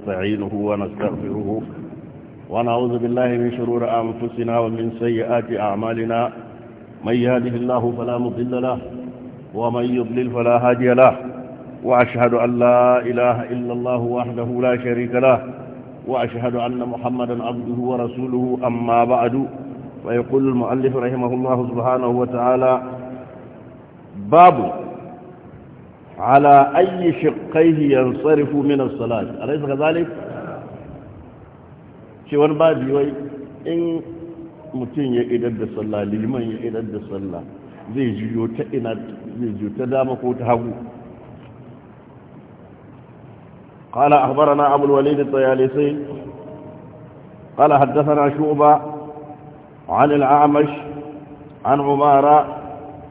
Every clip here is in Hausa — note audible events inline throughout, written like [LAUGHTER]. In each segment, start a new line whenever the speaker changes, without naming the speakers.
نستعينه ونستغفره ونعوذ بالله من شرور أنفسنا ومن سيئات أعمالنا من يهده الله فلا مضل له ومن يضلل فلا هادي له وأشهد أن لا إله إلا الله وحده لا شريك له وأشهد أن محمدا عبده ورسوله أما بعد ويقول المؤلف رحمه الله سبحانه وتعالى باب على أي شقيه ينصرف من الصلاة أليس كذلك؟ شوان بابي وي إن متين يئدد الصلاة لمن يئدد الصلاة زي idar da زي zai juyo ta قال أخبرنا أبو الوليد الطيالسي قال حدثنا شعبة عن الأعمش عن عمارة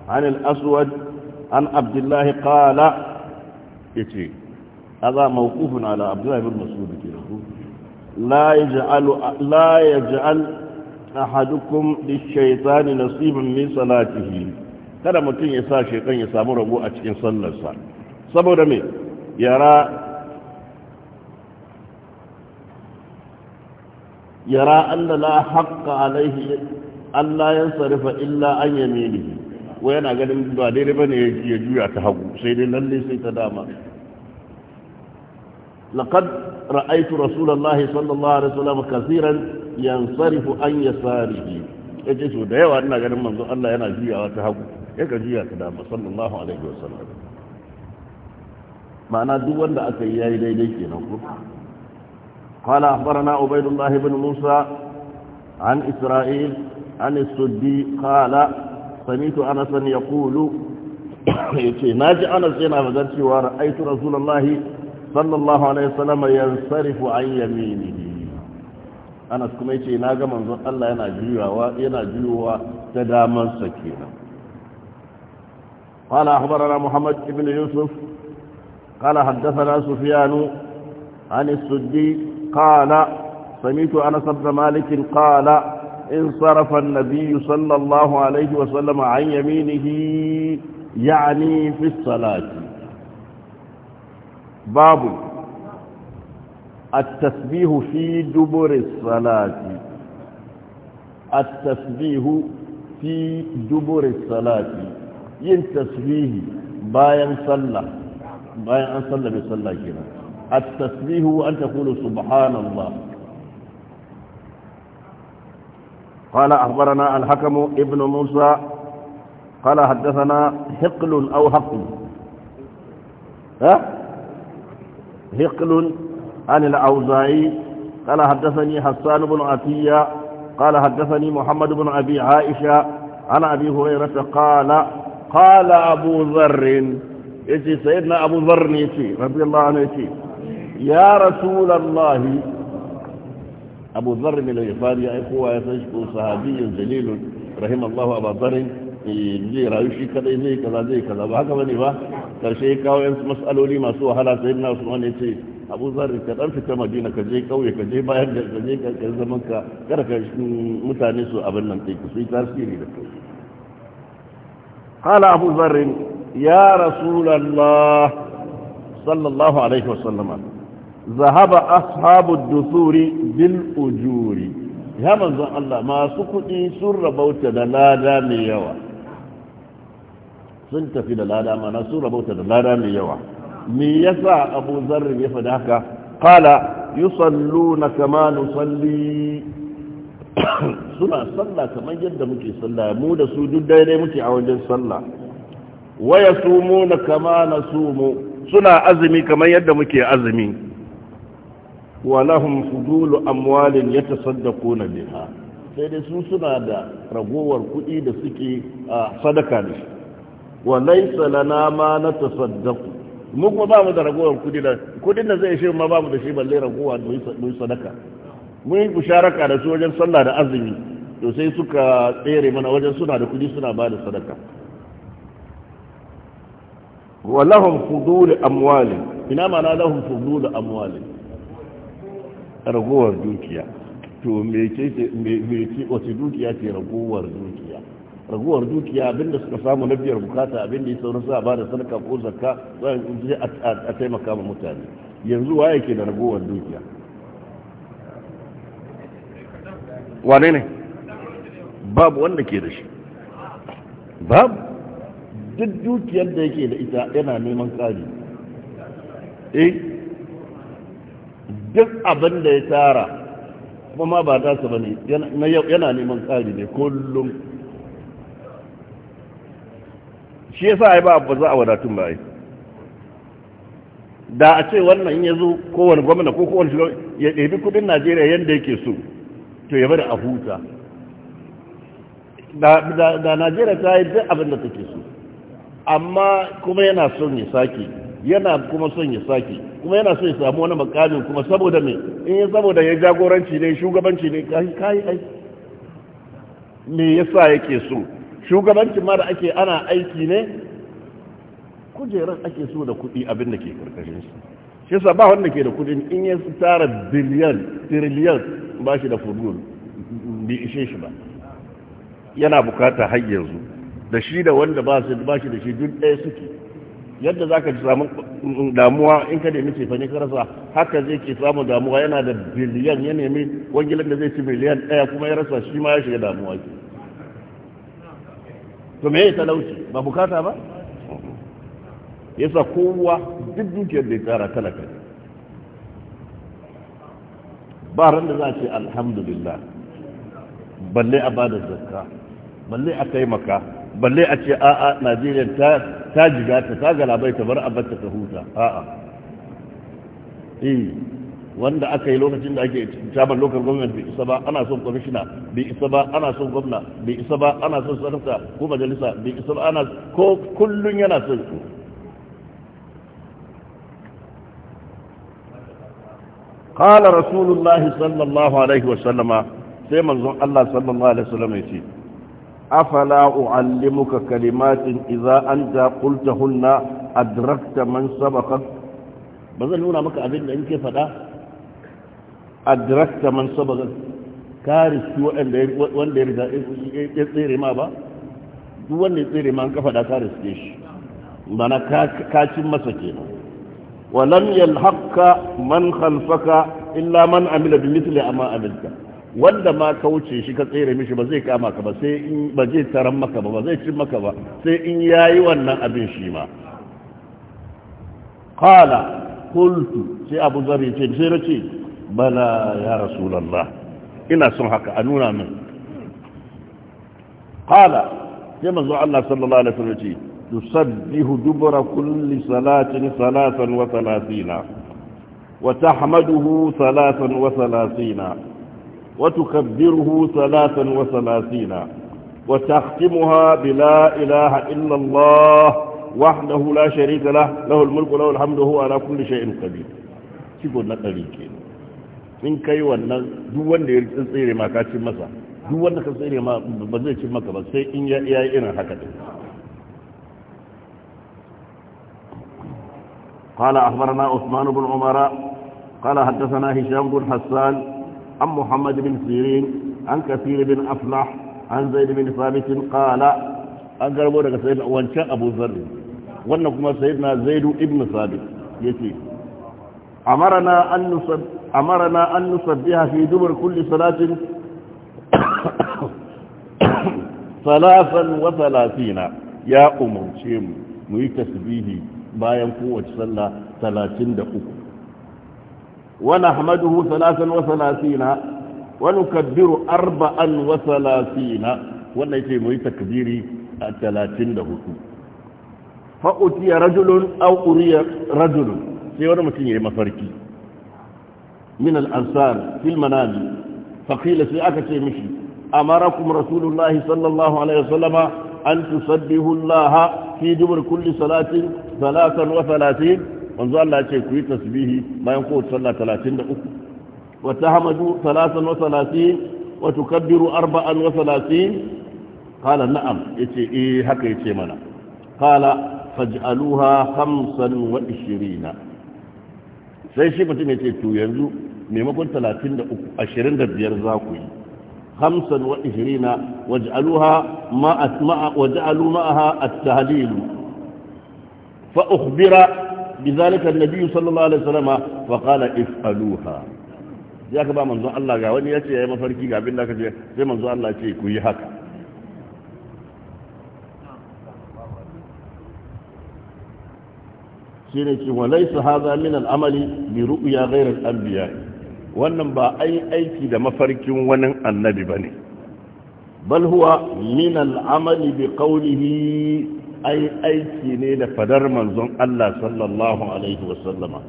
عن الأسود عن عبد الله قال يتي هذا موقوف على عبد الله بن مسعود لا يجعل da shaitani أحدكم للشيطان نصيبا من صلاته kada mutum ya sa shekan ya samu rabo a cikin sallarsa saboda mai yara yara an da la haƙƙa alaihi an la yan illa an yaminihi wai yana ganin ba daidai ba ne ya juya ta hagu sai dai lalle sai ta dama لقد رأيت رسول sallallahu صلى الله عليه وسلم an ينصرف عن Ya yace so da yawa ina ganin manzo Allah yana juyawa ta hagu yaka juya ta dama sallallahu alaihi wasallam ma'ana duk wanda aka yi yayi daidai kenan ko قال أخبرنا عبيد الله Musa, An عن إسرائيل عن السدي قال samitu anasan ya kulu ya ce na ji anas yana bazar cewa ra'aitu rasulallahi sallallahu alaihi wasallam yansarifu an yaminihi anas kuma ya ce na ga manzon Allah yana juyawa yana juyowa ta daman sa kenan قال أخبرنا محمد بن يوسف قال حدثنا سفيان عن السدي قال سمعت أنس بن مالك قال انصرف النبي صلى الله عليه وسلم عن يمينه يعني في الصلاة باب التسبيح في دبر الصلاة التسبيح في دبر الصلاة yin tasbihi bayan sallah bayan an sallame sallah kenan at-tasbihu an taqulu subhanallah قال أخبرنا الحكم ابن موسى قال حدثنا حقل أو هقل ها حقل عن الأوزاعي قال حدثني حسان بن عطية قال حدثني محمد بن أبي عائشة عن أبي هريرة قال قال أبو ذر يتي سيدنا أبو ذر يتي رضي الله عنه يتي يا رسول الله abu zarri mai laifari ya kowa ya san shi ko sahabiyin jalilun rahim allahu abu zarri eh, zai rayu shi kadai zai kaza zai kaza ba haka bane ba karshe ya kawo yan mas'aloli masu wahala sai na su wani ce abu zarri ka dan fita madina ka je kauye ka je bayan da ka je ka zaman ka kada ka mutane su abin nan ɗin su yi tasiri da kai قال أبو ذر يا رسول sallallahu صلى الله عليه zahaba ashabu dusuri bil ujuri ya manzon Allah masu kuɗi sun rabauta da lada mai yawa sun tafi da lada mana sun rabauta da lada mai yawa me yasa Abu zarri ya fada haka qala yusalluna kama nusalli suna sallah kamar yadda muke sallah mu da su duk daidai muke a wajen sallah waya sumu na kama na sumu suna azumi kamar yadda muke azumi walahum fudulu amwalin yatasaddaquna biha sai dai su suna da ragowar kuɗi da suke sadaka ne wa laysa lana ma natasaddaqu mu kuma ba mu da ragowar kuɗi da kuɗin da zai shi ma ba mu da shi balle ragowa da mu sadaka mun yi musharaka da su wajen sallah da azumi to sai suka tsere mana wajen suna da kuɗi suna ba da sadaka wa lahum fudul amwalin ina ma na lahum fudul amwalin ragowar dukiya to me ce wace dukiya ce ragowar dukiya ragowar dukiya abinda suka samu na biyar bukata abinda ya sauran sa ba da sadaka ko zakka zai a taimaka ma mutane yanzu waye ke da ragowar dukiya wane ne babu wanda ke da shi babu duk dukiyar da yake da ita yana neman kari eh duk abin da ya tara kuma ma ba ta su ne. yana neman tsari ne kullum shi ya sa ya ba abu za a wadatun ba ai da a ce wannan in ya zo kowane gwamna ko kowane shiga ya ɗebi kudin najeriya yadda yake so to ya bari a huta da najeriya ta yi duk abin da take so amma kuma yana son ya sake yana kuma son ya sake kuma yana son ya samu wani makamin kuma saboda me in yi saboda ya jagoranci ne shugabanci ne kayi ai me yasa yake so shugabancin ma da ake ana aiki ne kujerar ake so da kuɗi abin da ke karkashin shi shi yasa ba wanda ke da kudi in ya tara biliyan tiriliyan ba shi da fudul bi ishe shi ba yana bukata har yanzu da shi da wanda ba shi da shi duk ɗaya suke yadda za ka samu damuwa in ka nemi cefane ka rasa haka zai ke samu damuwa yana da biliyan ya nemi wangilan da zai ci biliyan ɗaya kuma ya rasa shi ma ya shiga damuwa ke to me ya talauci ba bukata ba ya sa kowa duk dukiyar da ya tara talaka ba ran da za a ce alhamdulillah balle a bada zakka balle a taimaka balle a ce a'a najeriya ta ta jiga ta ta galabai ta bar abarta ta huta a'a e, wanda aka yi lokacin da ake jabar lokal gwamnati bai isa ba ana son kwamishina bai isa ba ana son gwamna bai isa ba ana son sarrafa ko majalisa bai isa ba ana ko kullun yana son su قال رسول الله صلى الله عليه وسلم سيما الله صلى الله عليه وسلم يقول afala u'allimuka kalimatin idza anta qultahunna adrakta man sabaqak bazan nuna maka abin da yake fada adrakta man sabaqak kare shi wanda wanda ya tsere ma ba duk wanda ya tsere ma an kafa da kare shi mana kacin masa kenan ولم يلحقك من خلفك إلا من عمل بمثل أما عملت wanda ma ka wuce shi ka tsere mishi ba zai kama ka ba sai in ba zai taran maka ba ba zai cin maka ba sai in yayi wannan abin shi ma qala qultu sai Abu Zar ya ce sai na ce bala ya rasulullah ina son haka a nuna min qala sai manzo Allah sallallahu alaihi wasallam ce tusabbihu dubra kulli salatin salatan wa thalathina salatan ثلاثا وثلاثين وتكبره ثلاثا وثلاثين وتختمها بلا إله إلا الله وحده لا شريك له له الملك وله الحمد هو على كل شيء قدير شكو نقلي كينا in kai wannan duk wanda ya tsere ma ka cin masa duk wanda ka tsere ma ba zai cin maka ba sai in ya yi irin haka din قال أخبرنا عثمان بن عمر قال حدثنا هشام بن حسان عن محمد بن سيرين عن كثير بن أفلح عن زيد بن ثابت قال أقربوا لك سيدنا وانشاء أبو ذر وأنكما سيدنا زيد بن ثابت يتي أمرنا أن نصب أمرنا أن نصبها في دبر كل صلاة ثلاثا وثلاثين يا أمم شيم نريد تسبيه باين قوة صلى ثلاثين دقيقة ونحمده ثلاثا وثلاثين ونكبر أربعا وثلاثين ونأتي مهي تكبيري الثلاثين له فأتي رجل أو أري رجل سيوانا مكين مفركي من الأنصار في المنام فقيل سيأكت مشي أمركم رسول الله صلى الله عليه وسلم أن تسبه الله في دبر كل صلاة ثلاثا وثلاثين manzo Allah ce ku yi tasbihi bayan kowace sallah 33 wa tahmadu 33 wa tukabbiru 34 qala na'am yace eh haka yace mana qala faj'aluha ishirina. sai shi mutum yace to yanzu maimakon da biyar za ku yi خمسا وعشرين واجعلوها ما أسمع وجعلوا معها التهليل فأخبر بذلك النبي صلى الله عليه وسلم فقال افعلوها ya ka ba manzon Allah ga wani ya ce ya yi mafarki ga da ka ce sai manzon Allah ce ku yi haka walai su haza min al'amali bi ru'uya gairar anbiya wannan ba ai aiki da mafarkin wani annabi ba ne bal huwa min al'amali bi qawlihi ai aiki ne da fadar manzon Allah sallallahu alaihi wasallama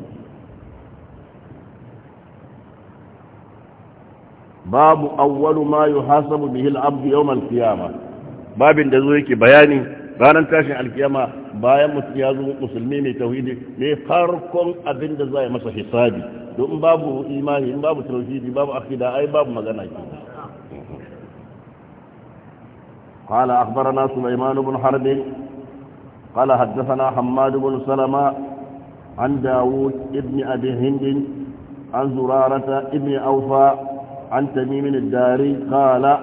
babu awwalu ma yuhasabu bihi al-abdu yawm al-qiyama babin da zo yake bayani ranar tashin alkiyama bayan mutum ya zo musulmi mai tauhidi ne farkon abin da za masa hisabi don babu imani in babu tauhidi babu akida ai babu magana ke قال أخبرنا سليمان بن حرب قال حدثنا حماد بن سلمة عن داوود ابن أبي هند عن زرارة ابن أوفى عن تميم الداري قال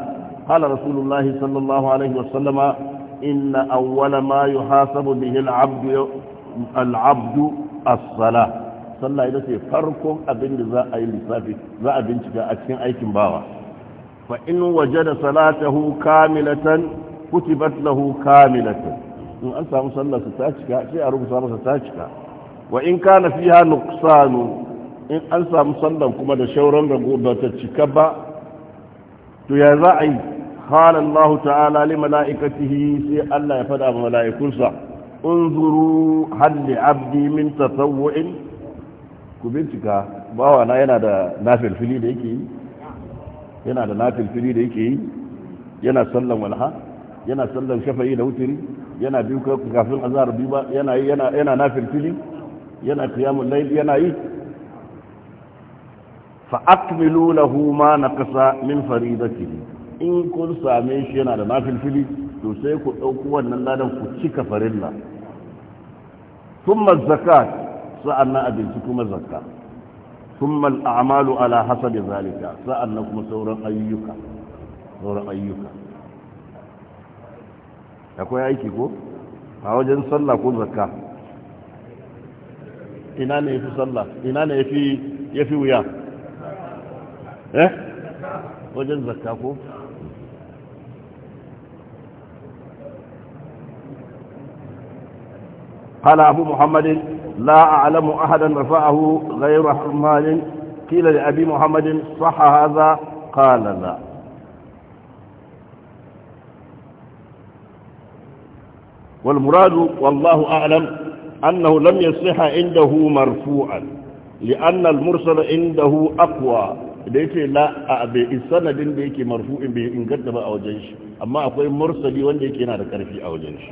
قال رسول الله صلى الله عليه وسلم إن أول ما يحاسب به العبد العبد الصلاة صلى إذا في فرق أبن ذا أي لسافي ذا أبن تكا أكين أي كمباوة فإن وجد صلاته كاملة كتبت له كاملة in an samu sallar sa ta cika sai a rubuta masa ta cika wa in kana fiha nuqsanu in an samu sallar kuma da shauran da ba ta cika ba to ya za a yi qala Allah ta'ala li mala'ikatihi sai Allah ya fada ma mala'ikunsa unzuru hal 'abdi min tatawwu'in ku bincika bawa na yana da nafil fili da yake yi yana da nafil fili da yake yi yana sallan walha yana sallan shafa'i da wuturi yana biyu kafin azhar biyu ba yana yana yana nafilfili yana qiyamul layi yana yi fa akmilu lahu ma naqasa min faridatihi in kun same shi yana da nafilfili to sai ku ɗauku wannan ladan ku cika farilla thumma zakat sa'anna abinci kuma zakka thumma al a'malu ala hasabi zalika sa'an na kuma sauran ayyuka sauran ayyuka akwai aiki ko a wajen tsalla ko zakka ina ne ya fi tsalla ina ne ya fi wuya eh wajen zakka ko قال أبو محمد لا أعلم أحدا رفعه غير حرمان قيل لأبي محمد صح هذا قال لا والمراد والله أعلم أنه لم يصح عنده مرفوعا لأن المرسل عنده أقوى ليتي لا بإسند بيك مرفوع بإن قدم أو جيش أما أقوى مرسلي وان ديك ينار كرفي أو جيش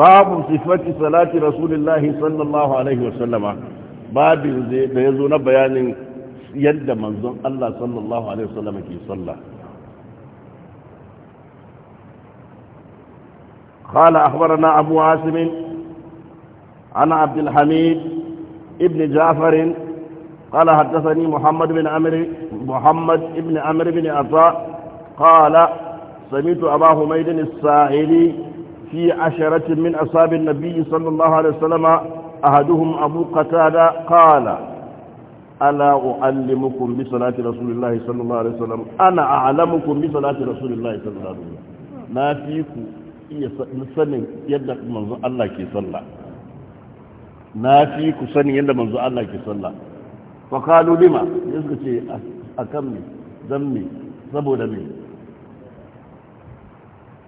باب صفة صلاة رسول الله صلى الله عليه وسلم باب يزون بيان يد منظم الله صلى الله عليه وسلم كي صلى قال أخبرنا أبو عاصم عن عبد الحميد ابن جعفر قال حدثني محمد بن عمر محمد بن عمرو بن عطاء قال سمعت أبا حميد الساعلي في عشرة من أصحاب النبي صلى الله عليه وسلم أحدهم أبو قتادة قال ألا أعلمكم بصلاة رسول الله صلى الله عليه وسلم أنا أعلمكم بصلاة رسول الله صلى الله عليه وسلم ما فيكم iya sanin yadda manzo Allah ke sallah na fi ku sanin yadda manzo Allah ke sallah fa kalu lima ya suka ce kan me zan me saboda me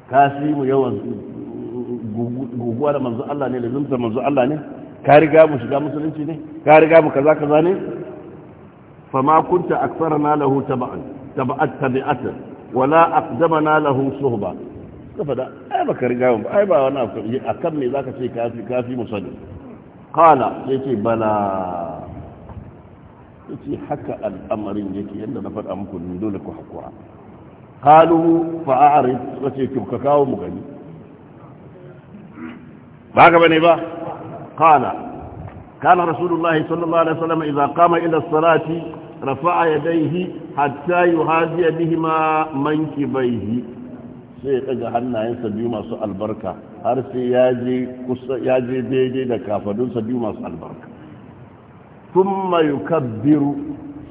ka si mu yawan guguwa da Allah ne da zumta manzon Allah ne ka riga mu shiga musulunci ne ka riga mu kaza kaza ne fa ma kunta na lahu tab'an tab'at tabi'atan wala na lahu suhba ka fada ai baka riga mu ai ba wani abu akan me zaka ce kafi kafi musani qala yace bala yace haka al'amarin yake yanda na faɗa muku ne dole ku hakura qalu fa a'rid yace ki ka kawo mu gani ba ka bane ba qala kana rasulullahi sallallahu alaihi wasallam idza qama ila as-salati rafa'a yadayhi hatta yuhadiya bihima mankibaihi sai ya ɗaga hannayensa biyu masu albarka har sai ya je daidai da kafadunsa biyu masu albarka tun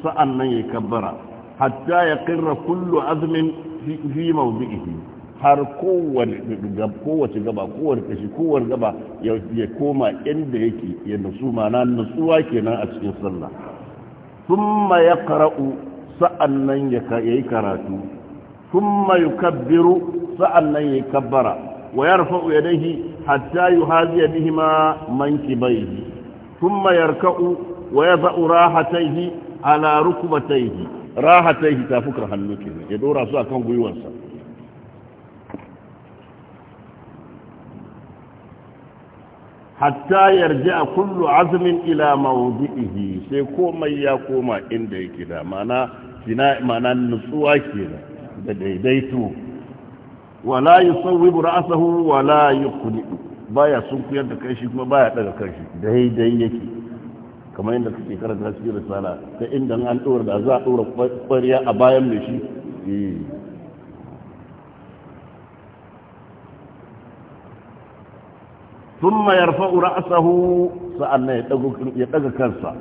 sa'an ثم kabbara hatta ya ƙirra kullu azumin عظم في موضعه har kowace gaba kowace kashi kowar gaba ya koma inda yake ya nasu mana nasuwa kenan a cikin sallah thumma sa'an nan ya yi karatu thumma yukabbiru sa'annan ya kabbara wa rufa yadayhi hatta yuhaziya bihima sun mayar ka’u wa yad'u rahatayhi ala rukbatayhi ta fukar hannu ne ya dora su akan gwiwarsa hatta a kullu azumin ila mawdi'ihi sai komai ya koma inda yake da mana nutsuwa ke da daidaito wala yi sauwi bura asahu wala yi kuli ba ya sun kuyar da kai shi kuma ba ya daga kai shi daidai yake kamar yadda suke karanta cikin risala ta inda an ɗora da za a ɗora ƙwariya a bayan mai shi sun eh. ma yarfa ura asahu sa'an ya daga kansa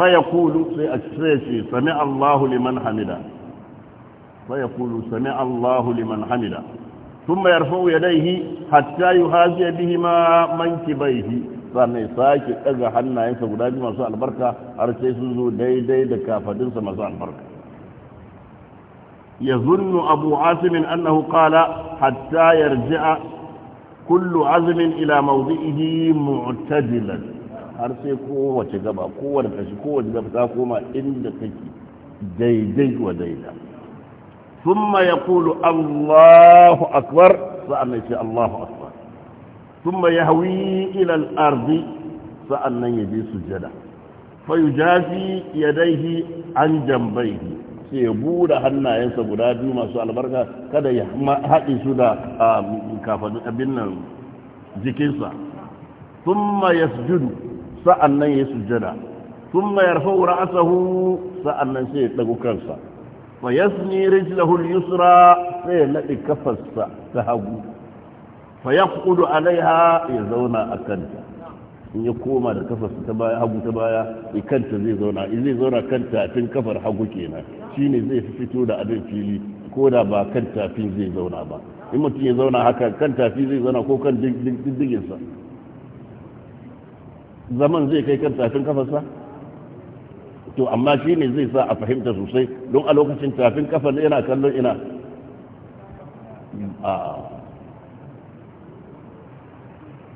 faya kulu sai a cire shi sami allahu liman hamida faya kulu sami allahu liman hamida ثم يرفع يديه حتى يهازي بهما منكبيه sannan sake daga hannayensa guda biyu masu albarka har sai sun zo daidai da kafadinsa masu albarka ya zunnu abu asimin annahu qala hatta yarji'a kullu azmin ila mawdi'ihi mu'tadilan har sai kowace gaba kowace kashi kowace gaba ta koma inda take daidai wa daidai ثم يقول الله أكبر فأنا يشاء الله أكبر ثم يهوي إلى الأرض فأنا يجي سجدا فيجافي يديه عن جنبيه ya buɗe hannayensa guda biyu masu albarka kada ya haɗe su da kafadun abin nan jikinsa thumma yasjudu sa'annan ya sujjada thumma asahu. ra'sahu sa'annan sai ya dago kansa wa yasni rijlahu al-yusra sai ladi kafarsa ta hagu fa yaqudu alaiha ya zauna akanta in ya koma da kafarsa ta baya hagu ta baya kanta zai zauna in zai zauna kanta tun kafar hagu kenan shine zai fito da abin fili ko da ba kan tafi zai zauna ba in mutum ya zauna haka kan tafi zai zauna ko kan sa zaman zai kai kan tafin kafarsa to amma shi ne zai sa a fahimta sosai don a lokacin tafin kafa yana kallon ina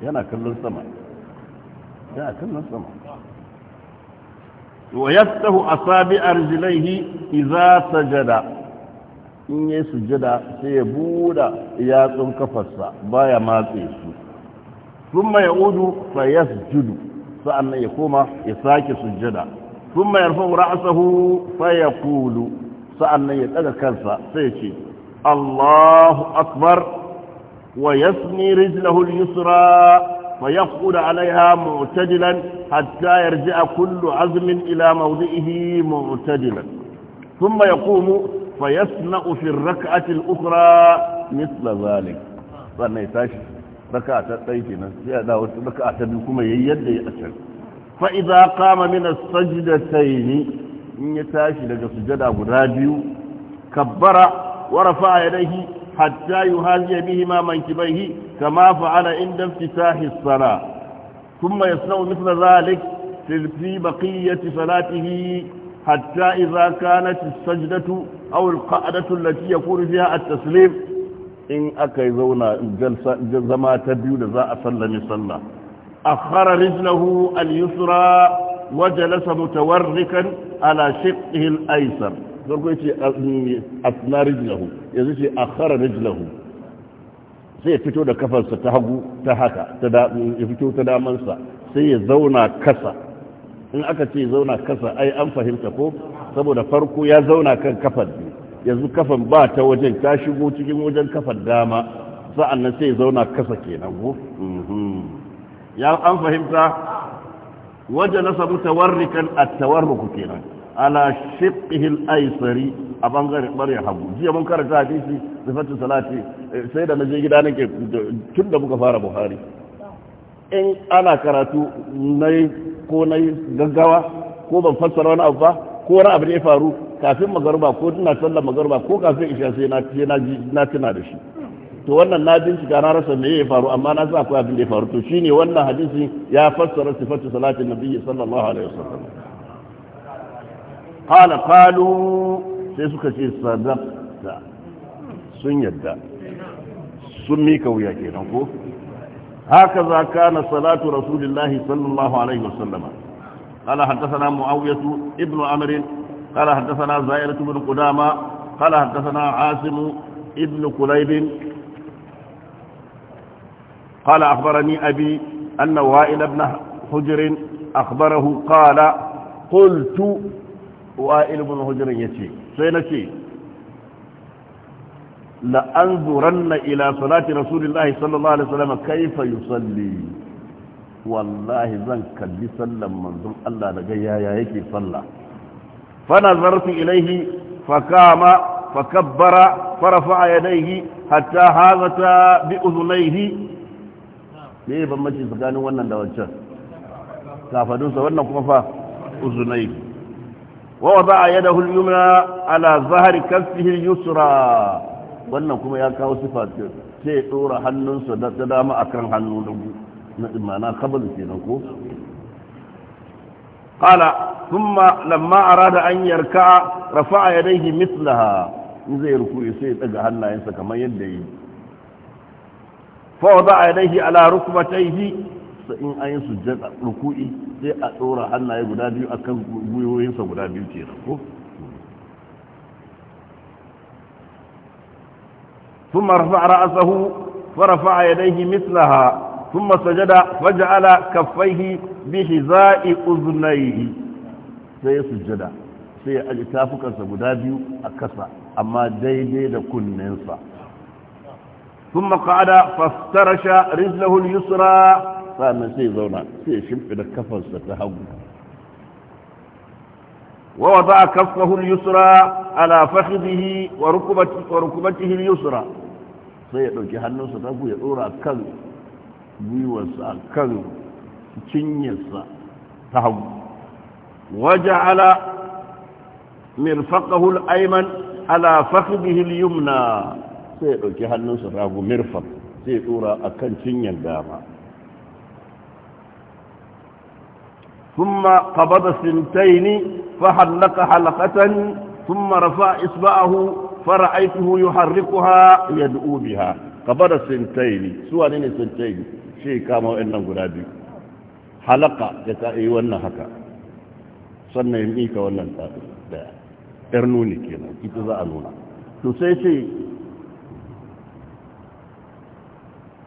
yana kallon sama yana kallon sama wa yattahu asabi arjilaihi idza sajada in ya sujada sai ya buda yatsun kafarsa baya matse su thumma yaudu fa yasjudu sa'annan ya koma ya sake sujada ثم يرفع رأسه فيقول سألنا يتأذى كنسا سيشي الله أكبر ويثني رجله اليسرى فيفقد عليها معتدلا حتى يرجع كل عزم إلى موضعه معتدلا ثم يقوم فيصنع في الركعة الأخرى مثل ذلك فأنا يتاشي ركعة تأيكنا ركعة بكم يد يأسر فإذا قام من السجدتين إن يتاشي لك سجد أبو راجيو كبر ورفع يديه حتى يهازي بهما منكبيه كما فعل عند افتتاح الصلاة ثم يصنع مثل ذلك في بقية صلاته حتى إذا كانت السجدة أو القعدة التي يكون فيها التسليم إن أكيزونا ما تبيو لذا أسلم صلى أخر رجله اليسرى وجلس متوركا على شقه الأيسر farko ce asna rijlahu yanzu ce akhara rijlahu sai ya fito da kafarsa ta hagu ta haka ta ya fito ta damansa sai ya zauna kasa in aka ce zauna kasa ai an fahimta ko saboda farko ya zauna kan kafar ne yanzu kafan ba ta wajen ta shigo cikin wajen kafar dama sa'annan sai ya zauna kasa kenan ko ya an fahimta waje nasa tawarrikan at-tawarruku kenan ala shiqqihi al-aysari a bangaren bare hagu jiya mun karanta hadisi sifatu salati eh, sai da naje gida nake tun da muka fara buhari in ana karatu nai ko nai gaggawa ko ban fassara wani abu ba ko wani abu ne ya faru kafin magarba ko tana sallar magarba ko kafin isha sai na tuna da shi to wannan na bincika na rasa me ya faru amma na san akwai abin da ya faru to shine wannan hadisi ya fassara sifatu salatin nabiyyi sallallahu alaihi wasallam qala qalu sai suka ce sadaqta sun yadda sun mika wuya kenan ko haka za kana salatu rasulillahi sallallahu alaihi wasallama قال حدثنا معاوية ابن عمر قال حدثنا زائرة بن قدامة قال حدثنا عاصم ابن كليب قال أخبرني أبي أن وائل بن حجر أخبره قال قلت وائل بن حجر يتي سينتي لأنظرن إلى صلاة رسول الله صلى الله عليه وسلم كيف يصلي والله ذنك اللي سلم منظم الله لقيا يا يكي صلى فنظرت إليه فقام فكبر فرفع يديه حتى هذا بأذنيه me yi banbanci tsakanin wannan da wancan kafadunsa wannan kuma fa uzunai wa a yi da yumna ala zahari kaffihi yusura yusra wannan kuma ya kawo sifa ce sai ɗora hannunsa da ta dama kan hannu dubu na imana ke kenan ko sun ma lamma a rada an yarka a yadayhi mitlaha in zai ruku sai ya daga hannayensa kamar yadda yi. فوضع يديه على ركبتيه فإن أين سجد ركوئي سي أطورا حنا يقول لا بيو أكن بيوين سقول لا بيو ثم رفع رأسه فرفع يديه مثلها ثم سجد فجعل كفيه بحذاء أذنيه سي سجد سي أجتافك سقول لا بيو أما ديدي لكن ننصر ثم قعد فافترش رجله اليسرى زونا في سيشمف إلى كفر ستهون ووضع كفه اليسرى على فخذه وركبته, وركبته اليسرى سيدوك هنو ستبو يدورا كان بيوسا كان cinyarsa تهوى وجعل مرفقه الأيمن على فخذه اليمنى sai ya ɗauki hannunsa ragu mirfan sai ya tsura a kan cinyar dama summa qabada sintaini fa halaka halaqatan summa rafa'a isba'ahu fa ra'aytuhu yuharrikuha yad'u biha qabada sintaini suwa ne sintaini shi kama wannan guda biyu halaka ya ta yi wannan haka sannan ya mika wannan da ernu ke kenan ita za a nuna to sai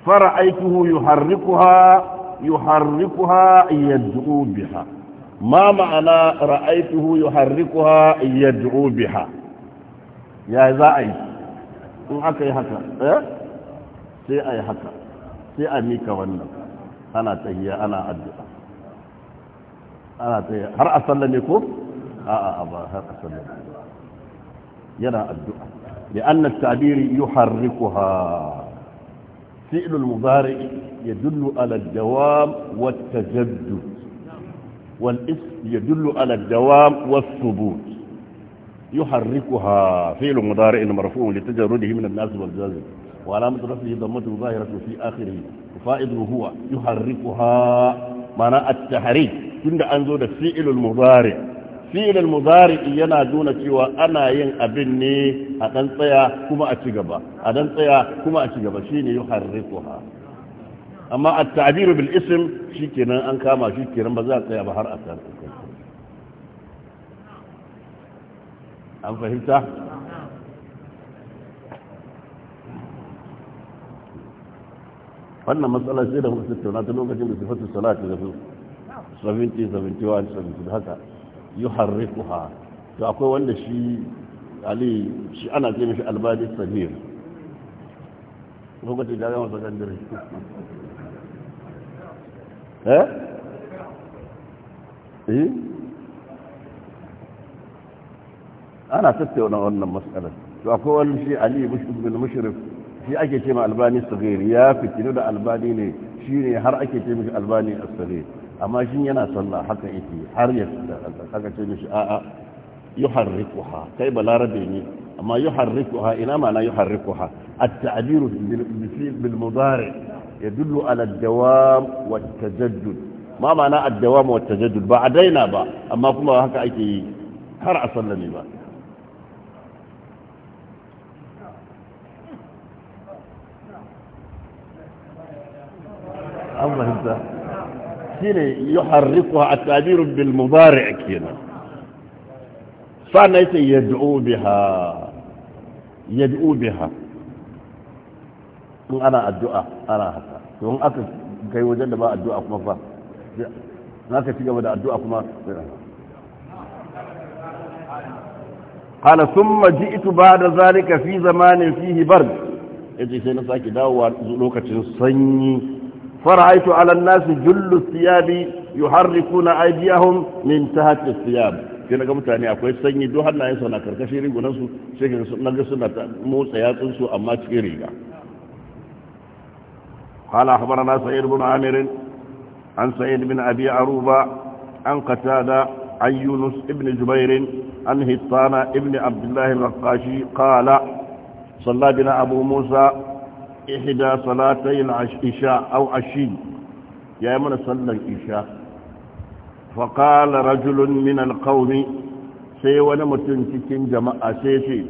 فرأيته يحركها يحركها يدعو بها ما معنى رأيته يحركها يدعو بها يا زائي in aka yi haka eh sai a yi haka sai a mika wannan ana tahiya ana ana tahiya har a sallame ko a'a ba har yana addu'a anna at فعل المضارع يدل على الدوام والتجدد والاسم يدل على الدوام والثبوت يحركها فعل مضارع مرفوع لتجرده من الناس والجازم وعلامة رفعه ضمته ظاهرة في آخره وفائده هو يحركها معنى التحريك عند أنزل فعل المضارع fi'ilin muzari'i yana nuna cewa ana yin abin ne a dan tsaya kuma a ci gaba a dan tsaya kuma a ci gaba shine yuharrikuha amma at-ta'bir bil ism shikenan an kama shikenan ba za a tsaya ba har a san an fahimta wannan matsalar sai da muka tattauna ta lokacin da sifatu salati da su 70 71 70 haka yuharrikuha to akwai wanda shi ali shi ana ce mishi albadi samir lokacin da gama sakandare eh eh ana tattauna wannan matsalar to akwai wani shi ali bin mushrif shi ake ce ma albani sagir ya fitinu da albani ne shi ne har ake ce mishi albani as amma shin yana sallah haka yake har ya haka ce mishi a a yuharrikuha kai balarabe ne amma yuharrikuha ina ma na yuharrikuha at-ta'biru bil mudari yadullu ala ad-dawam wa at tajaddud ma ma'ana ad-dawam wa at tajaddud ba adaina ba amma kuma haka ake yi har a sallah ne ba Allah ya كنا يحركها التعبير بالمضارع كنا فانا يدعو بها يدعو بها انا الدعاء انا هكا وان اكل كي وجد ما الدعاء كما فا هكا تيجا بدا الدعاء كما قال ثم جئت بعد ذلك في زمان فيه برد يجي سينا ساكي داوا لوكا تنسيني فرأيت على الناس جل الثياب يحركون أيديهم من تحت الثياب كنا قمت تاني أكوي سيني دو حد كركشيري ونسو شكرا نجسنا مو سيات انسو أما تكيريغا قال أخبرنا سعيد بن عامر عن سعيد بن أبي عروبة عن قتادة عن يونس بن جبير عن هطانة بن عبد الله الرقاشي قال صلى بنا أبو موسى إحدى صلاتي العشاء أو عشي يا من صلى العشاء فقال رجل من القوم سيوان متنتكين جماعة سيسي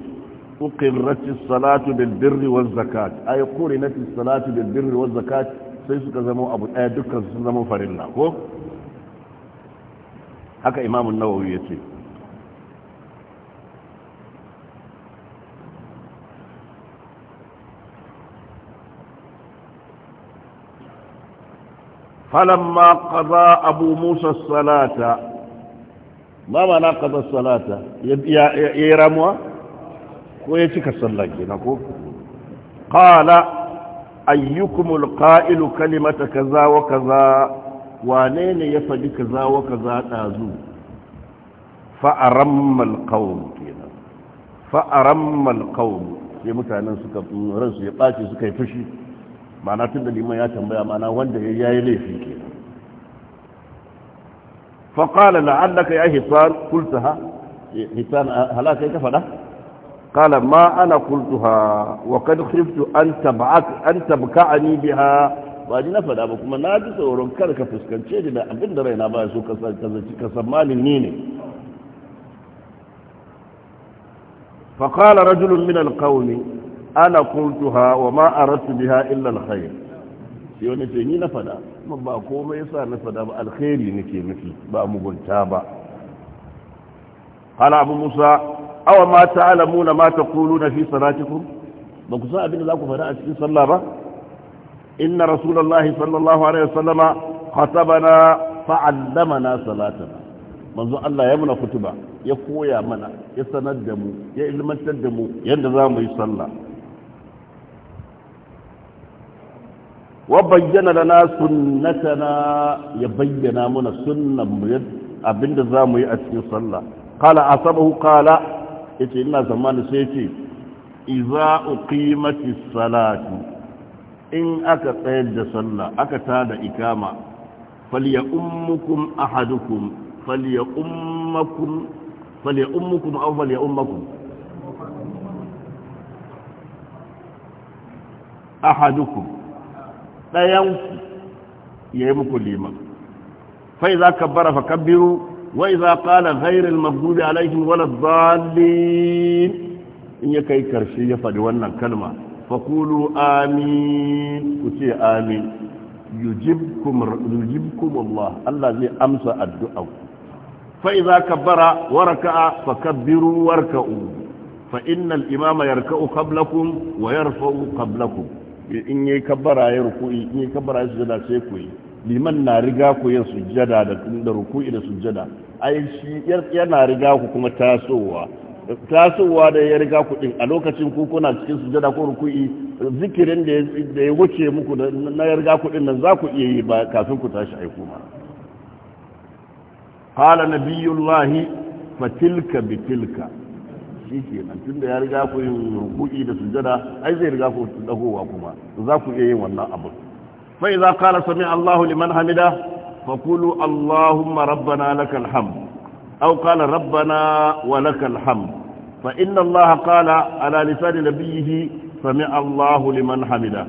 أقرت الصلاة بالبر والزكاة أي قرنت الصلاة بالبر والزكاة سيسك زمو أبو آدك زمو فرلا هكا إمام النووي يتي فلما قضى أبو موسى الصلاة ما معنى قضى الصلاة يرموا ويتك الصلاة قال ayyukum alqa'ilu kalimata kaza wa kaza wane ne ya faɗi kaza wa kaza dazu fa aramma alqawm kenan fa aramma sai mutanen suka ya bace suka yi fushi Ma'ana tun da liman ya tambaya ma'ana wanda ya yayi laifi ke faƙala la'allaka ya hifar kultu ha hifar halaka ya ka faɗa ƙala ma ana kultu ha wa kan kriftu an tabka a ni biya ba ni na faɗa ba kuma na ji tsoron karka fuskance ji da abin da raina ba su ka sammanin ni ne فقال رجل من القوم ana kultuha wa ma aradtu biha illa alkhair sai wani ce ni na fada kuma ba komai yasa na fada ba alkhairi nake nufi ba mugunta ba qala abu musa aw ma ta'lamuna ma taquluna fi salatikum ba ku san abin da za ku fada a cikin sallah ba inna rasulullahi sallallahu alaihi wasallama khatabana fa'allamana salatana manzo Allah ya muna kutuba ya koya mana ya sanar da mu ya ilmantar da mu yadda za mu yi sallah wa bayyana lana sunnatana ya bayyana mana sunnan mu abinda za mu yi a cikin sallah kala asabahu kala yace ina zamani sai yace iza uqimati salati in aka tsayar da sallah aka tada ikama falya ummukum ahadukum falya ummakum falya ummukum aw falya ahadukum ɗayanku ya yi muku liman fai za ka bara fakabbiru wa iza qala ghayra al-maghdubi alaihim wala dhalin in ya kai karshe ya faɗi wannan kalma faqulu amin ku ce amin yujibkum yujibkum Allah Allah zai amsa addu'a fa idza kabbara wa raka'a fakabbiru warka'u fa innal imama yarka'u qablakum wa yarfa'u qablakum in yi kabbara ya ruku'i in yi kabbara ya sujada sai ku yi liman na riga ku yin sujada da da ruku'i da sujada ai shi yana riga ku kuma tasowa tasowa da ya riga ku din a lokacin ku kuna cikin sujada ko ruku'i zikirin da ya wuce muku na ya riga ku din nan za ku iya yi ba kafin ku tashi ai kuma qala nabiyullahi fatilka bitilka shi kenan tunda ya riga ku yin ruku'i da sujada ai zai riga ku dagowa kuma za ku iya yin wannan abu fa idza qala sami Allahu liman hamida fa qulu Allahumma rabbana lakal hamd aw qala rabbana wa lakal hamd fa inna Allah qala ala lisan nabiyhi sami Allahu liman hamida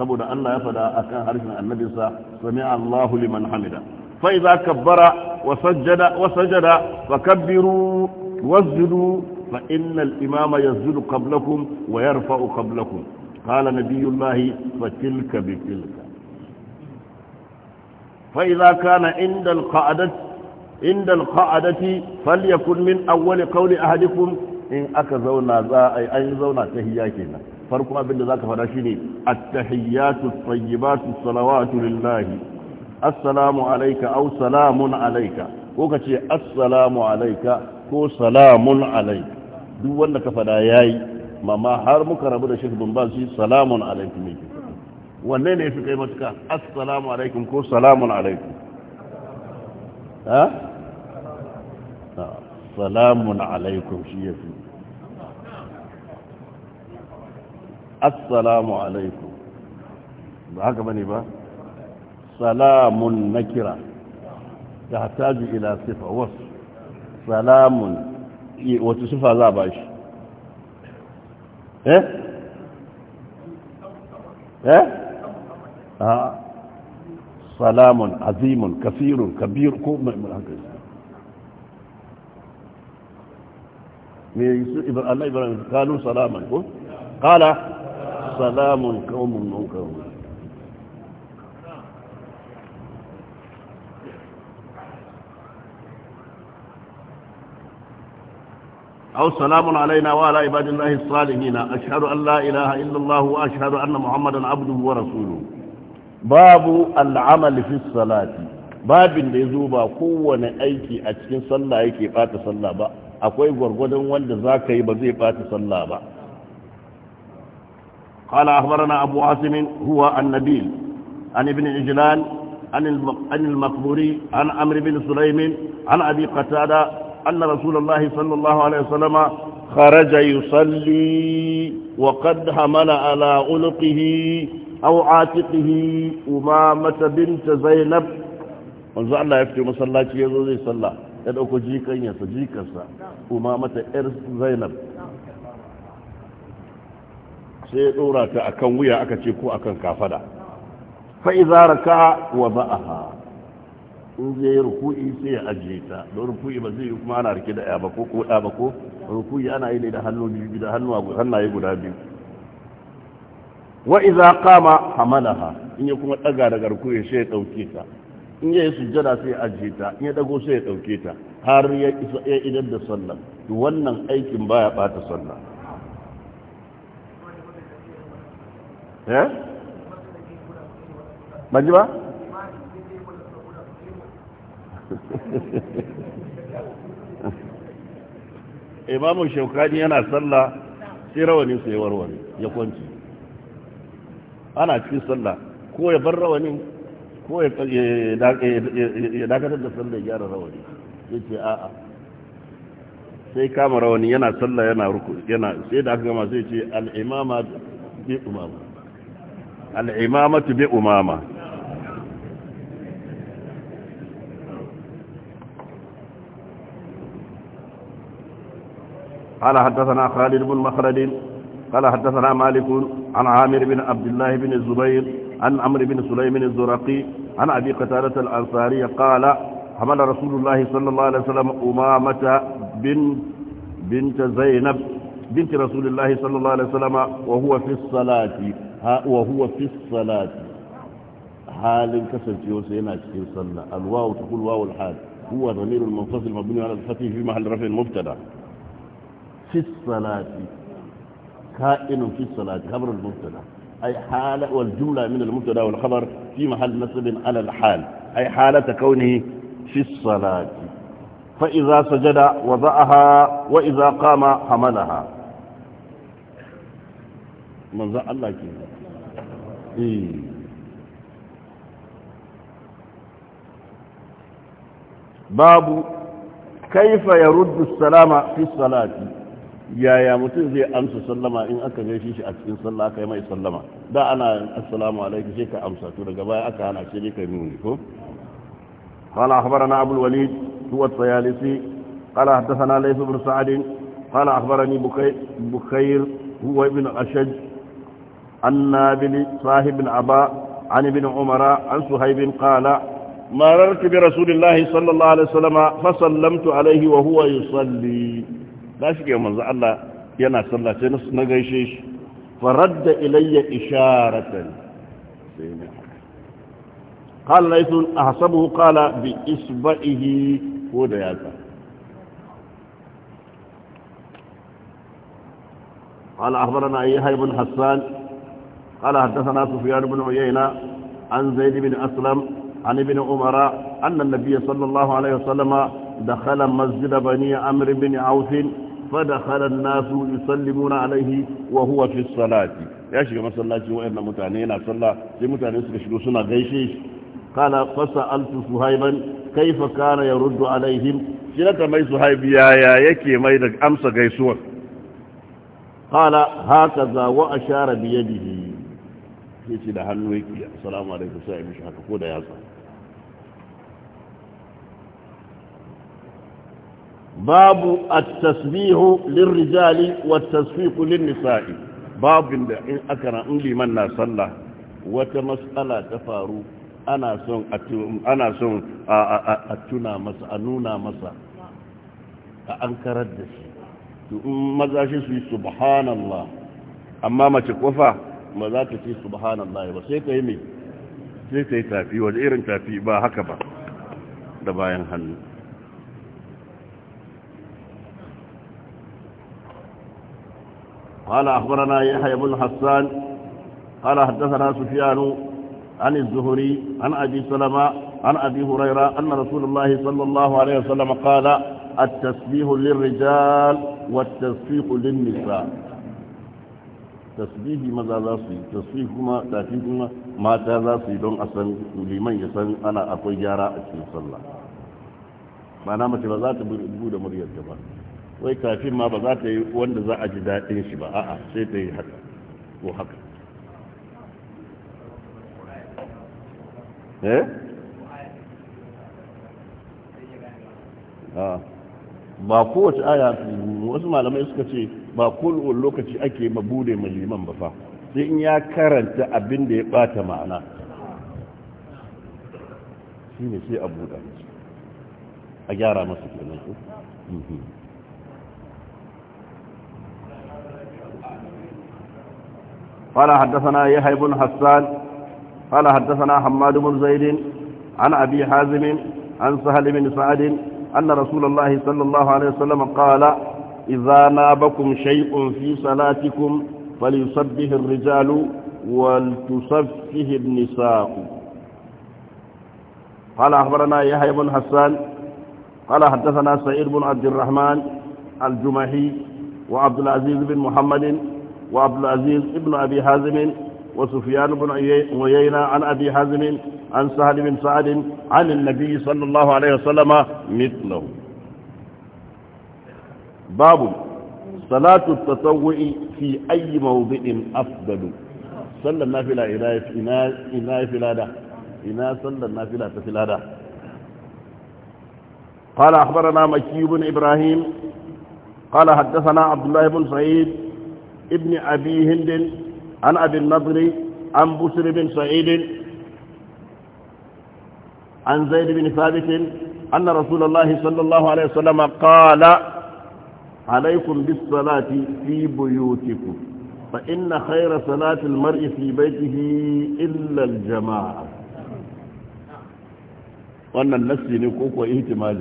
saboda Allah ya fada akan harshen annabinsa sami Allahu liman hamida فإذا كبر وسجد وسجد فكبروا واسجدوا فإن الإمام يزل قبلكم ويرفع قبلكم قال نبي الله فتلك بتلك فإذا كان عند القعدة عند القعدة فليكن من أول قول أحدكم إن أكزونا ذا أي أي تهياتنا تهياكنا فرقوا بالله ذاك فرشني التحيات الطيبات الصلوات لله السلام عليك أو سلام عليك وكتي السلام عليك هو سلام عليك duk wanda ka fada yi mamma har muka rabu da Sheikh bin Baz shi salamun alaikum ke wanne ne fi kai matuka assalamu alaikum ko salamun alaikum ha salamun alaikum shi ya fi assalamu alaikum ba haka bane ba salamun nakira ta hataji ila sifa wasu salamun wata sufa za a ba shi eh eh ah. salamun azimun kafirun kabir ko mai mai ibrahim ko kala salamun أو سلام علينا وعلى عباد الله الصالحين أشهد أن لا إله إلا الله وأشهد أن محمدا عبده ورسوله باب العمل في الصلاة باب da قوة zo ba صلى aiki a cikin sallah yake bata sallah ba akwai gwargwadon wanda za قال أخبرنا أبو عاصم هو النبيل عن ابن عجلان عن المقبوري عن أمر بن سليم عن أبي قتادة أن رسول الله صلى الله عليه وسلم خرج يصلي وقد حمل على عنقه أو عاتقه أمامة بنت زينب wanzu Allah ya fito masallaci ya zo zai salla ya ɗauko jikanyarsa jikarsa kuma mata ‘yar zainab sai ya ɗora ta a kan wuya aka ce ko a kan kafada fa'i zara ka wa ba'aha in zai yi ruku'i sai ya ajiye ta don ruku'i ba zai yi kuma ana rike da ya ba ko ko da ba ko ruku'i ana yi ne da hannu biyu da hannu hannaye guda biyu wa idza qama hamalaha in ya kuma daga daga ruku'i sai ya dauke ta in ya yi sujjada sai ya ajiye ta in ya dago sai ya dauke ta har ya isa ya idan da sallah to wannan aikin baya bata sallah eh ba ji ba
[LAUGHS]
imamu shaukani yana sallah sai su sai warware ya kwanci ana cikin sallah ko ya bar rawani ko ya dakatar da sallah gyara rawani ya ce a'a sai kama rawani yana sallah yana ruku yana sai da aka gama sai ce al'imama bi umama al'imama bi umama قال حدثنا خالد بن مخلد قال حدثنا مالك عن عامر بن عبد الله بن الزبير عن عمرو بن سليم الزرقي عن أبي قتادة الأنصاري قال حمل رسول الله صلى الله عليه وسلم أمامة بنت, بنت زينب بنت رسول الله صلى الله عليه وسلم وهو في الصلاة وهو في الصلاة حال كسر يوسينا في الصلاة الواو تقول واو الحال هو ضمير المنفصل مبني على الفتح في محل رفع المبتدا في الصلاة كائن في الصلاة خبر المبتدا أي حالة والجملة من المبتدا والخبر في محل نصب على الحال أي حالة كونه في الصلاة فإذا سجد وضعها وإذا قام حملها من ذا الله كده إيه. باب كيف يرد السلام في الصلاه yaya mutum zai amsa sallama in aka gaishe shi a cikin sallah aka yi mai sallama da ana assalamu alaikum sai ka amsa daga baya aka hana shi ne kai nuni qala akhbarana abul walid huwa at-tayalisi qala hadathana laysa bin sa'd qala akhbarani bukayr bukayr huwa ibn ashaj anna bin sahib umara an suhayb qala mararti bi rasulillahi sallallahu alaihi wasallam fa sallamtu alayhi wa huwa yusalli da shi ke manzu Allah yana sallace na gaishe shi faradda ilayya isharatan sai ne kala na isu a kala bi isba'ihi ko da yata kala ahbara na yi haibun hassan kala haddasa na su fiye da bin oyaina an zai dibin aslam an ibin umara annan nabiya sallallahu alaihi wasallama da khala masjid bani amr bin awfin فدخل الناس يسلمون عليه وهو في الصلاة يا شيخ مسلاتي وإن متعنينا صلى متاني متعنين شلو سنا غيشيش قال فسألت سهيبا كيف كان يرد عليهم شنة مي سهيب يا يا يكي مي أمس غيسو قال هكذا وأشار بيده في يتي لحنوك السلام عليكم سائب مش حقا كودا يا صاحب babu at-tasbihu lirrijali wat-tasfiqu nisai babin da in aka in liman na sallah wata mas'ala ta faru ana son ana son a tuna masa a nuna masa a ankarar da shi to in maza shi su subhanallah amma mace kofa maza ta ce subhanallah ba sai ta yi mai sai ta tafi wa irin tafi ba haka ba da bayan hannu قال أخبرنا يحيى بن حسان قال حدثنا سفيان عن الزهري عن أبي سلمة عن أبي هريرة أن رسول الله صلى الله عليه وسلم قال التسبيح للرجال والتسبيح للنساء تسبيح ماذا لا سي تسبيح ما تأتيك ما ما تأذى سي دون أسن لمن يسن أنا أطيارا أتي صلى ما نامت بذات بودة مريد جبان wai kafin ma ba za ta yi wanda za a ji daɗin shi ba a'a sai ta yi haka ko haka eh ah. ba kowace aya wasu malamai suka ce ba kowane lokaci ake mabude maliman liman ba fa sai in ya karanta abin da ya bata ma'ana shi ne sai a buɗa a gyara masa kenan su قال حدثنا يحيى بن حسان قال حدثنا حماد بن زيد عن أبي حازم عن سهل بن سعد أن رسول الله صلى الله عليه وسلم قال إذا نابكم شيء في صلاتكم فليصبه الرجال ولتصفه النساء قال أخبرنا يحيى بن حسان قال حدثنا سعيد بن عبد الرحمن الجمحي وعبد العزيز بن محمد وعبد العزيز ابن أبي حازم وسفيان بن عيينة عن أبي حازم عن سهل بن سعد عن النبي صلى الله عليه وسلم مثله باب صلاة التطوع في أي موضع أفضل صلى النافلة إلى فلادة إنا صلى النافلة فلادة قال أخبرنا مكي بن إبراهيم قال حدثنا عبد الله بن سعيد ابن أبي هند عن أبي النضر عن بسر بن سعيد عن زيد بن ثابت أن رسول الله صلى الله عليه وسلم قال عليكم بالصلاة في بيوتكم فإن خير صلاة المرء في بيته إلا الجماعة وأن النفس نكوك واهتمال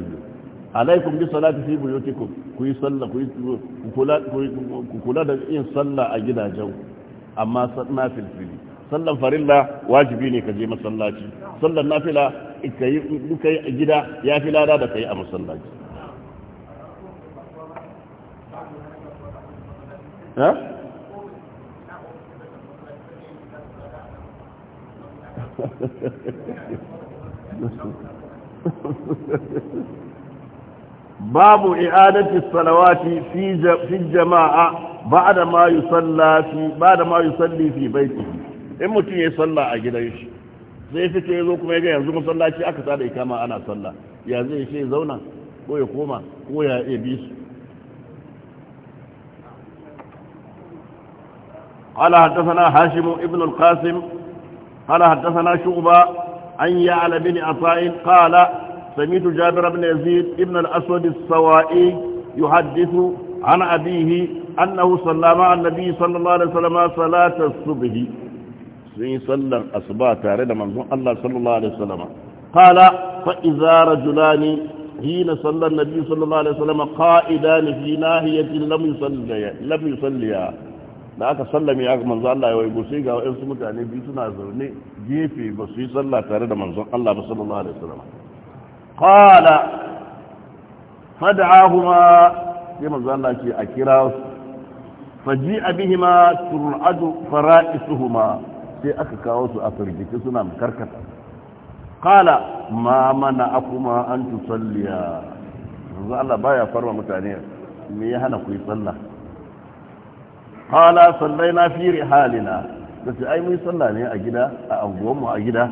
alaikum bi salati fi buyutikum ku yi sallah ku yi ku kula da yin sallah a gidajen amma na fili sallan farilla wajibi ne ka je masallaci sallan nafila ka yi a gida ya fi lada da kai a masallaci ha? Eh? [LAUGHS] babu i'adati salawati fi jama'a ba'da ma yusalla fi ba'da ma yusalli fi baitihi in mutum ya salla a gidan shi sai fice yazo kuma yaga yanzu masallaci aka sada ikama ana salla ya zai shi zauna ko ya koma ko ya bi su قال حدثنا هاشم ابن القاسم قال حدثنا شعبة عن يعلى بن عطاء قال سميت جابر بن يزيد ابن الأسود السوائي يحدث عن أبيه أنه صلى مع النبي صلى الله عليه وسلم صلاة الصبح صلى أصبات تارد من الله صلى الله عليه وسلم قال فإذا رجلان حين صلى النبي صلى الله عليه وسلم قائدان في ناهية لم يصليا لم يصليا لا تسلم يا من ga الله Allah ya waigo sai صلى الله عليه وسلم suna zaune صلى الله عليه وسلم qala fad'ahuma sai manzo Allah a kira su faji'a bihima fara'isuhuma sai aka kawo su a firgici suna karkata qala ma mana akuma an tusalliya manzo baya farma mutane me ya hana ku yi sallah qala sallaina fi rihalina kace ai mun sallah ne a gida a anguwan mu a gida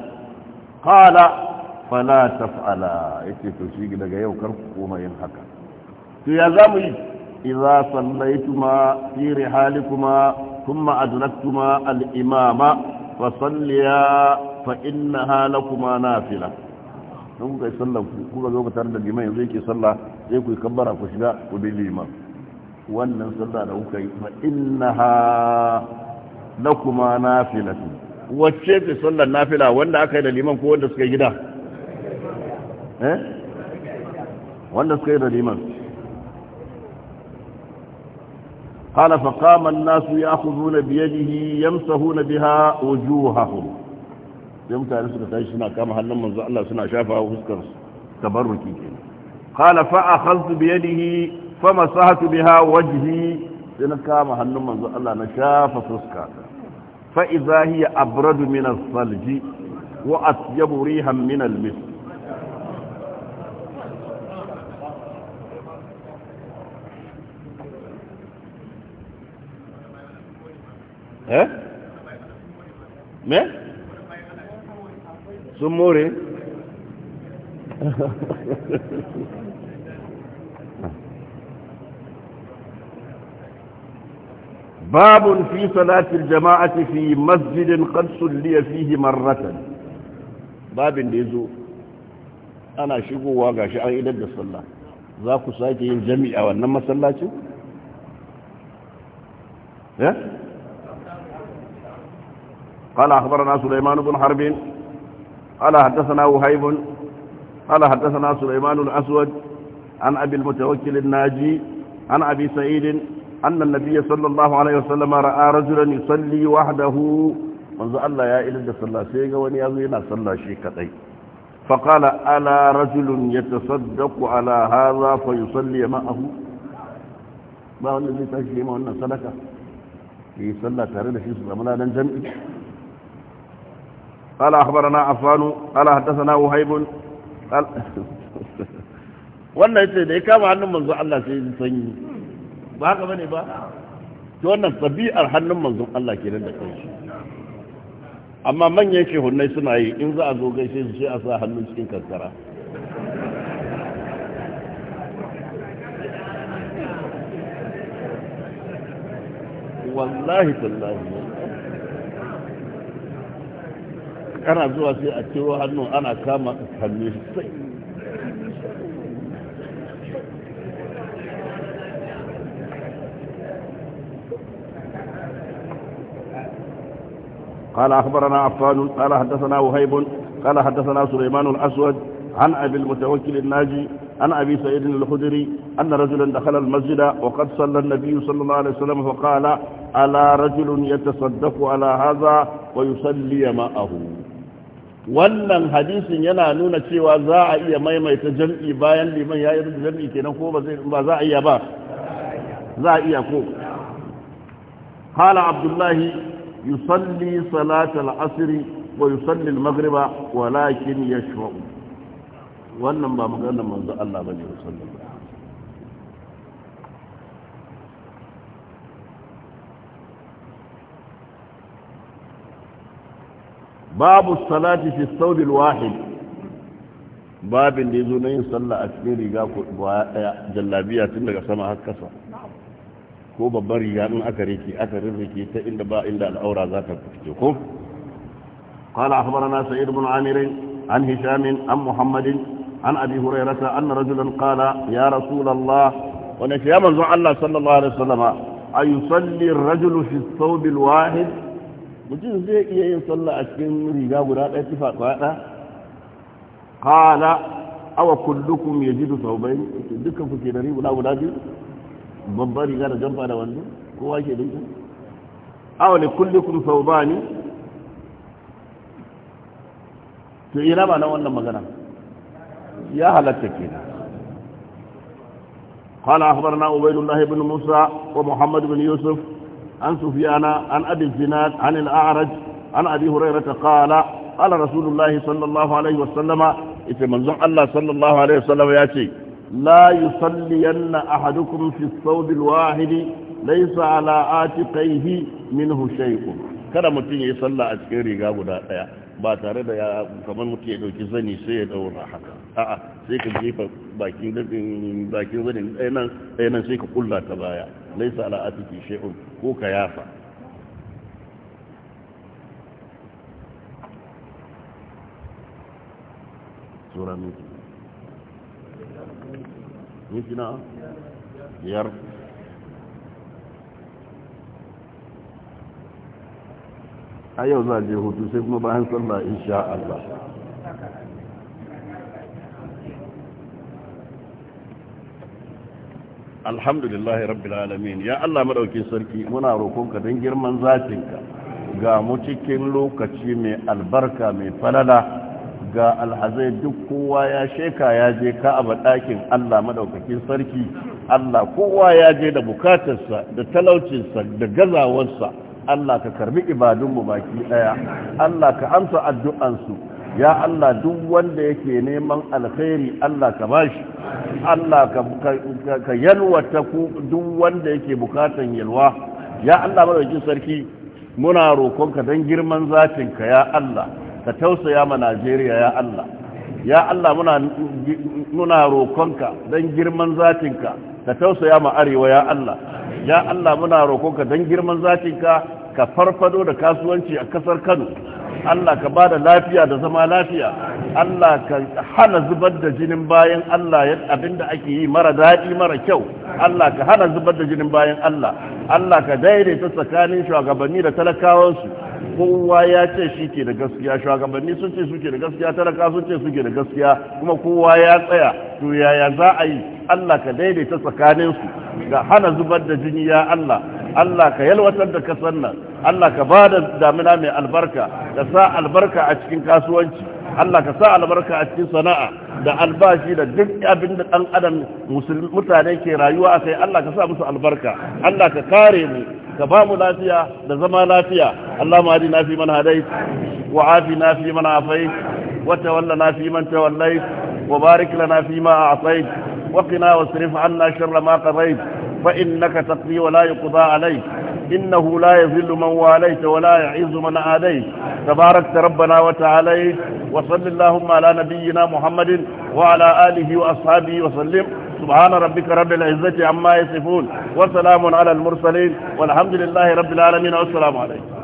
qala fala taf'ala yace to shi daga yau kar ku koma yin haka to ya zamu yi idza sallaituma fi rihalikuma thumma adraktuma al-imama fa salliya fa innaha lakuma nafila don ku kai sallar ku kuka zo ku tare da liman yanzu yake sallah sai ku kabbara ku shiga ku bi liman wannan sallah da kuka yi fa innaha lakuma nafilatu wacce ce sallar nafila wanda aka yi da liman ko wanda suka gida ايه ولا سيدنا الامام قال فقام الناس ياخذون بيده يمسحون بها وجوههم يوم كان رسول الله صلى الله عليه وسلم سنا شافه وفسكر تبركي قال فاخذت بيده فمسحت بها وجهي سنا كما هن من الله نشاف فسكر فاذا هي ابرد من الثلج واطيب ريحا من المسك Mẹ́? Tó mọ́ rẹ̀? Bábù fi sọ láti jama a ti fi yi masjidin kansu liya fi yi marata. ana shigowa ga ṣi an idar da sọlla. Za ku sake yin jami'a wannan masallacin? Eh? قال أخبرنا سليمان بن حرب قال حدثنا وهيب قال حدثنا سليمان الأسود عن أبي المتوكل الناجي عن أبي سعيد أن النبي صلى الله عليه وسلم رأى رجلا يصلي وحده منذ الله يا إلد صلى سيغا ونيازينا صلى شيكتي فقال ألا رجل يتصدق على هذا فيصلي معه ما هو الذي تجري معنا هو في صلى تاريخ يسلم لا ننجمئ قال أخبرنا عفان قال حدثنا وهيب قال wannan yace da ya kama hannun manzon Allah sai ya sanyi ba haka bane ba to wannan tabi'ar hannun manzon Allah kenan da shi amma manyan shehunnai suna yi in za a zo gaishe su sai a sa hannun cikin kankara wallahi tallahi أنا zuwa في a أنه أنا كما kama قال أخبرنا عفان قال حدثنا وهيب قال حدثنا سليمان الأسود عن أبي المتوكل الناجي عن أبي سيد الخدري أن رجلا دخل المسجد وقد صلى النبي صلى الله عليه وسلم فقال ألا رجل يتصدق على هذا ويصلي معه wannan hadisin yana nuna cewa za a iya maimaita jam'i bayan liman ya yi jam'i kenan ko ba za a iya ba za a iya ko hala abdullahi yusalli salatal asiri wa yusalli magriba walakin ya wannan ba maganar manzo Allah ba ne ba باب الصلاة في الثوب الواحد باب اللي زنين صلى أكبر رقاك جلابية تلقى سماء الكسا هو ببري يعني أكريكي أكريكي تإن با إلا الأورا ذات الكتوكم قال أخبرنا سيد بن عامر عن هشام عن محمد عن أبي هريرة أن رجلا قال يا رسول الله ونشي يا الله صلى الله عليه وسلم أيصلي الرجل في الثوب الواحد mutum zai iya yin sallah a cikin riga guda ɗaya tufa ɗaya kala awa kullukum ya ji sau bayan dukkan ku ke da riga guda biyu babbar riga da jamfa da wanzu kowa ke dinka awa ne kullukum sau ba ne to ina raba na wannan magana ya halatta kenan قال أخبرنا عبيد الله بن موسى ومحمد بن يوسف عن سفيان عن أبي الزناد عن الأعرج عن أبي هريرة قال قال رسول الله صلى الله عليه وسلم إتمنزع الله صلى الله عليه وسلم ياتي لا يصلين أحدكم في الصوب الواحد ليس على عاتقيه منه شيء kada mutum ya yi sallah a cikin riga guda ɗaya ba tare da ya kamar mutum ya ɗauki zani sai ya ɗaura haka a'a sai ka jefa bakin bakin zanin ɗayanan ɗayanan sai ka kulla ta baya laisa ala atiki shay'un ko ka yafa sura miki miki na biyar a yau za a je hutu sai kuma bayan sallah insha Allah alhamdulillahi rabbil alamin ya Allah madaukin sarki muna roƙonka don girman zatinka ga mu cikin lokaci mai albarka mai falala ga alhazai duk kowa ya sheka ya je ka'aba ɗakin Allah madaukakin sarki Allah kowa ya je da bukatarsa da talaucinsa da gazawarsa Allah ka karbi ibadunmu baki ɗaya Allah ka amsa addu'ansu ya Allah duk wanda yake neman alkhairi Allah ka bashi Allah ka yalwata duk wanda yake bukatan yalwa ya Allah madaukakin sarki muna roƙonka don girman zatinka ya Allah ka tausaya ma Najeriya ya Allah ya Allah muna muna roƙonka don girman zatinka ka tausaya ma arewa ya Allah ya Allah muna roƙonka don girman zatinka ka farfado da kasuwanci a kasar Kano Allah ka bada lafiya da zama lafiya Allah ka hana zubar da jinin bayan Allah abinda ake yi mara daɗi mara kyau Allah ka hana zubar da jinin bayan Allah Allah ka daidaita tsakanin shugabanni da talakawansu kowa ya ce shi ke da gaskiya shugabanni sun ce suke da gaskiya talaka sun ce suke da gaskiya kuma kowa ya tsaya to yaya za a yi Allah ka daidaita tsakaninsu ga hana zubar da jini ya Allah Allah ka yalwatar da kasan nan Allah ka ba da damina mai albarka da sa albarka a cikin kasuwanci Allah ka sa albarka a cikin sana'a da albashi da duk abin da ɗan adam mutane ke rayuwa a kai Allah ka sa musu albarka Allah ka kare mu ka ba mu lafiya da zama lafiya Allah ma na fi man hadait wa afi na fi man afai wa tawalla na fi man tawallai wa barik lana fi ma a'tait وقنا واصرف عنا شر ما قضيت فإنك تقضي ولا يقضى عليك إنه لا يذل من واليت ولا يعز من آليت تباركت ربنا وتعالي وصل اللهم على نبينا محمد وعلى آله وأصحابه وسلم سبحان ربك رب العزة عما يصفون وسلام على المرسلين والحمد لله رب العالمين والسلام عليكم